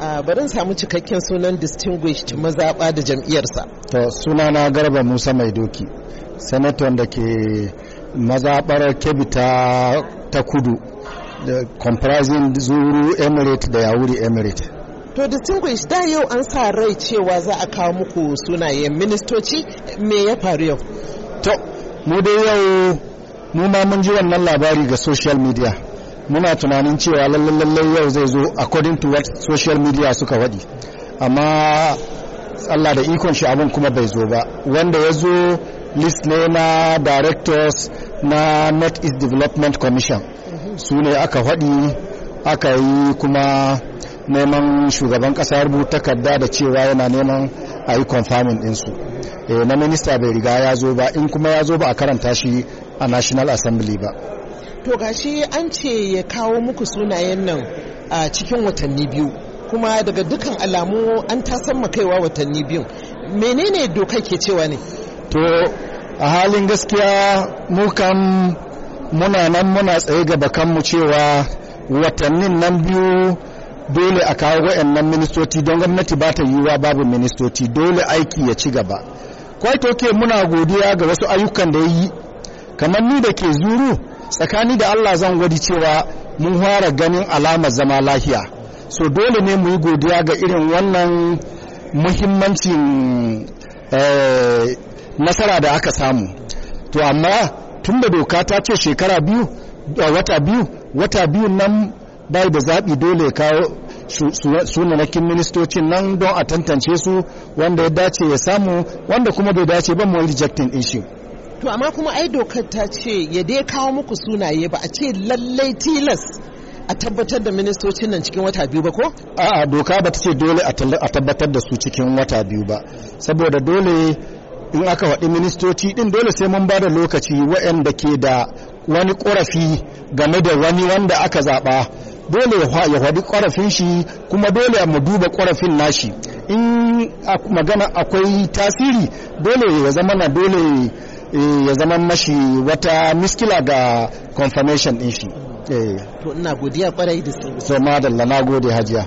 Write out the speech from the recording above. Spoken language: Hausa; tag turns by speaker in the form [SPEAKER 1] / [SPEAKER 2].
[SPEAKER 1] bari in samu cikakken sunan distinguished mazaɓa da jam'iyyarsa
[SPEAKER 2] to sunana garba musa mai doki sanaton da ke mazaɓar kebita ta kudu da comprising zuru emirate da yawuri emirate
[SPEAKER 1] to distinguished da yau an sa rai cewa za a kawo muku sunayen ministoci me ya faru yau to mu dai yau mu ma mun ji wannan
[SPEAKER 2] labari ga social media muna tunanin cewa lallai yau zai zo according to what social media suka wadi amma Allah da ikon shi abin kuma bai zo ba wanda ya zo list ne na directors na net east development commission su ne aka wadi aka yi kuma neman shugaban ƙasa rubuta takarda da cewa yana neman a yi confirming ɗinsu eh, na minista bai riga ya zo ba in kuma ya zo ba a karanta shi a national assembly ba
[SPEAKER 1] to gashi an ce ya kawo muku sunayen nan a cikin watanni biyu kuma daga dukkan alamu an tasan kaiwa watanni biyu menene doka ke cewa ne to a halin gaskiya mu muna nan
[SPEAKER 2] muna tsaye gaba kanmu cewa watannin nan biyu dole a kawo waɗannan ministoci don gwamnati ba ta yiwuwa babu ministoci dole aiki ya ci gaba kwaito ke muna godiya ga wasu ayyukan da ya yi kamar ni da ke zuru tsakani da Allah zan gwadi cewa mun fara ganin alamar zama lafiya so dole ne mu yi godiya ga irin wannan muhimmancin eh, nasara da aka samu to amma tun da doka ta ce shekara biyu eh, wata biyu wata biyu nan bai da zaɓi dole kawo sunanakin ministocin nan don a tantance su wanda ya dace ya samu wanda kuma bai dace ba mu rejecting issue
[SPEAKER 1] to amma kuma ai dokar ta ce ya dai kawo muku sunaye ba a ce lallai tilas a tabbatar da ministocin nan cikin wata biyu ba ko? A'a doka ba ta ce dole a tabbatar da su cikin wata biyu ba saboda dole
[SPEAKER 2] in aka waɗi ministoci ɗin dole sai mun ba da lokaci waɗanda ke da wani ƙorafi game da wani wanda aka zaɓa dole ya faɗi ƙorafin shi kuma dole mu duba ƙorafin nashi in magana akwai tasiri dole ya zama na dole Eh, ya zama mashi wata miskila ga confirmation din shi eh. to ina godiya kwarai da su. so madalla na gode hajiya